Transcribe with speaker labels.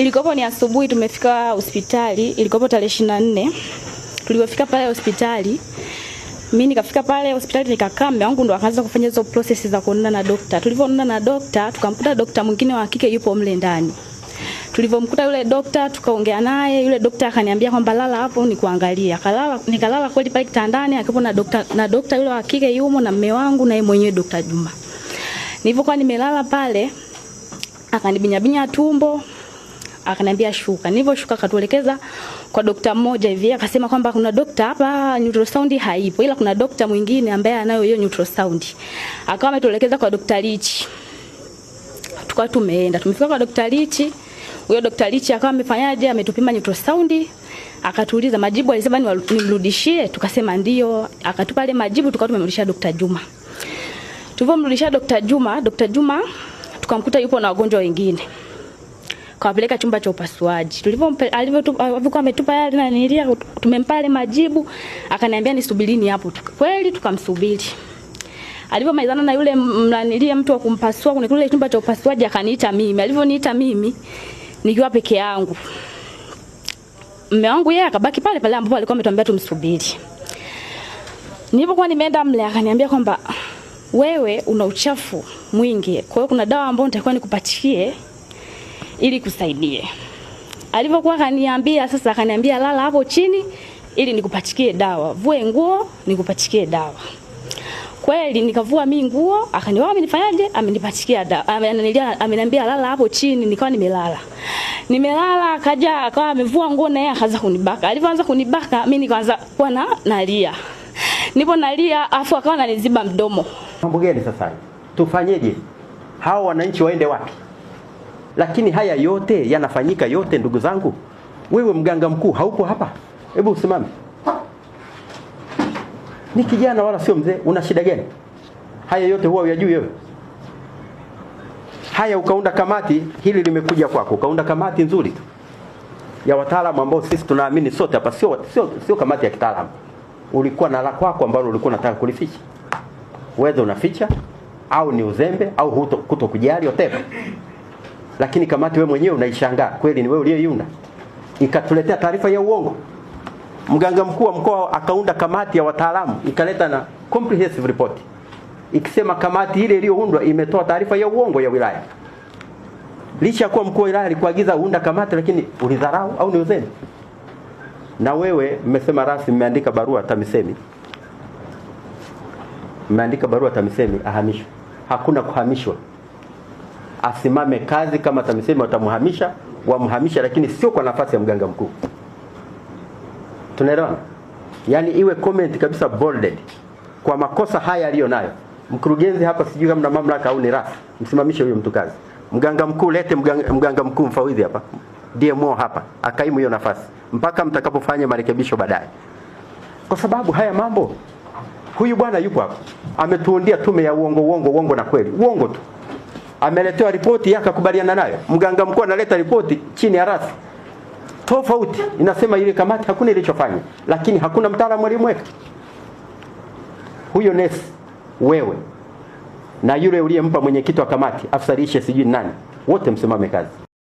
Speaker 1: Ilikopo ni asubuhi, tumefika hospitali ilikopo tarehe ishirini na nne. Tulipofika pale hospitali mimi nikafika pale hospitali nikakaa, mume wangu ndo akaanza kufanya hizo process za kuonana na dokta. Tulivyoonana na dokta, tukamkuta dokta mwingine wa kike yupo mle ndani. Tulivyomkuta yule dokta, tukaongea naye, yule dokta akaniambia kwamba lala hapo nikuangalia. Akalala, nikalala kweli pale kitandani, akipo na dokta na dokta yule wa kike yumo na mume wangu na yeye mwenyewe dokta Juma. Nilivyokuwa nimelala pale, akanibinyabinya tumbo, akaniambia shuka. Nilivyoshuka akatuelekeza kwa dokta mmoja hivi, akasema kwamba kuna dokta hapa ultrasound haipo, ila kuna dokta mwingine ambaye anayo hiyo ultrasound. Akawa ametuelekeza kwa dokta Lichi, tukawa tumeenda tumefika kwa dokta Lichi. Huyo dokta Lichi akawa amefanyaje, ametupima ultrasound akatuuliza majibu, alisema nimrudishie, tukasema ndio, akatupa ile majibu, tukawa tumemrudishia dokta Juma. Tulivyomrudishia dokta Juma, dokta Juma tukamkuta yupo na wagonjwa wengine kawapeleka chumba cha upasuaji. Alivyokuwa ametupa yale na nilia, tumempa yale majibu, akaniambia nisubirini hapo. Kweli tukamsubiri alivyomaizana na yule mlanilia mtu wa kumpasua kwenye kile chumba cha upasuaji akaniita mimi. Alivyoniita mimi nikiwa peke yangu, mume wangu yeye akabaki pale pale ambapo alikuwa ametuambia tumsubiri. Nilipokuwa nimeenda mle, akaniambia kwamba wewe una uchafu mwingi, kwa hiyo kuna dawa ambayo nitakuwa nikupatie ili kusaidie. Alivyokuwa kaniambia sasa, kaniambia lala hapo chini ili nikupachikie dawa, vue nguo nikupachikie dawa. Kweli nikavua mimi nguo, akaniwa amenifanyaje? Amenipachikia dawa, ameniambia lala hapo chini, nikawa nimelala nimelala akaja akawa amevua nguo na yeye akaanza kunibaka. Alivyoanza kunibaka mimi nikaanza kuwa na nalia. Nipo nalia afu akawa ananiziba mdomo.
Speaker 2: Mambo gani sasa? Tufanyeje? Hao wananchi waende wapi? Lakini haya yote yanafanyika yote, ndugu zangu. Wewe mganga mkuu haupo hapa, hebu usimame. Ni kijana wala sio mzee, una shida gani? Haya yote huwa uyajui wewe? Haya ukaunda kamati, hili limekuja kwako, ukaunda kamati nzuri tu ya wataalamu ambao sisi tunaamini sote hapa, sio sio sio kamati ya kitaalamu. Ulikuwa na la kwako ambalo ulikuwa unataka kulificha, wewe unaficha au ni uzembe au huto, whatever lakini kamati we mwenyewe unaishangaa, kweli ni wewe uliyeiunda, ikatuletea taarifa ya uongo. Mganga mkuu wa mkoa akaunda kamati ya wataalamu ikaleta na comprehensive report ikisema kamati ile iliyoundwa imetoa taarifa ya uongo ya wilaya. Licha kuwa mkuu wa wilaya alikuagiza uunda kamati, lakini ulidharau au ni uzeni? Na wewe mmesema rasmi, mmeandika barua TAMISEMI, mmeandika barua TAMISEMI ahamishwe. Hakuna kuhamishwa asimame kazi, kama TAMISEMI watamhamisha wamhamisha, lakini sio kwa nafasi ya mganga mkuu. Tunaelewana? Yaani iwe comment kabisa bolded kwa makosa haya aliyo nayo mkurugenzi hapa, sijui kama na mamlaka au ni rasi, msimamishe huyo mtu kazi. Mganga mkuu lete mganga, mganga mkuu mfawidhi hapa, DMO hapa, akaimu hiyo nafasi mpaka mtakapofanya marekebisho baadaye, kwa sababu haya mambo, huyu bwana yuko hapa ametuundia tume ya uongo uongo uongo na kweli uongo tu ameletewa ripoti akakubaliana nayo. Mganga mkuu analeta ripoti chini ya rasi tofauti, inasema ile kamati hakuna ilichofanya, lakini hakuna mtaalamu aliyemweka huyo nesi. Wewe na yule uliyempa mwenyekiti wa kamati afsarishe, sijui nani, wote msimame kazi.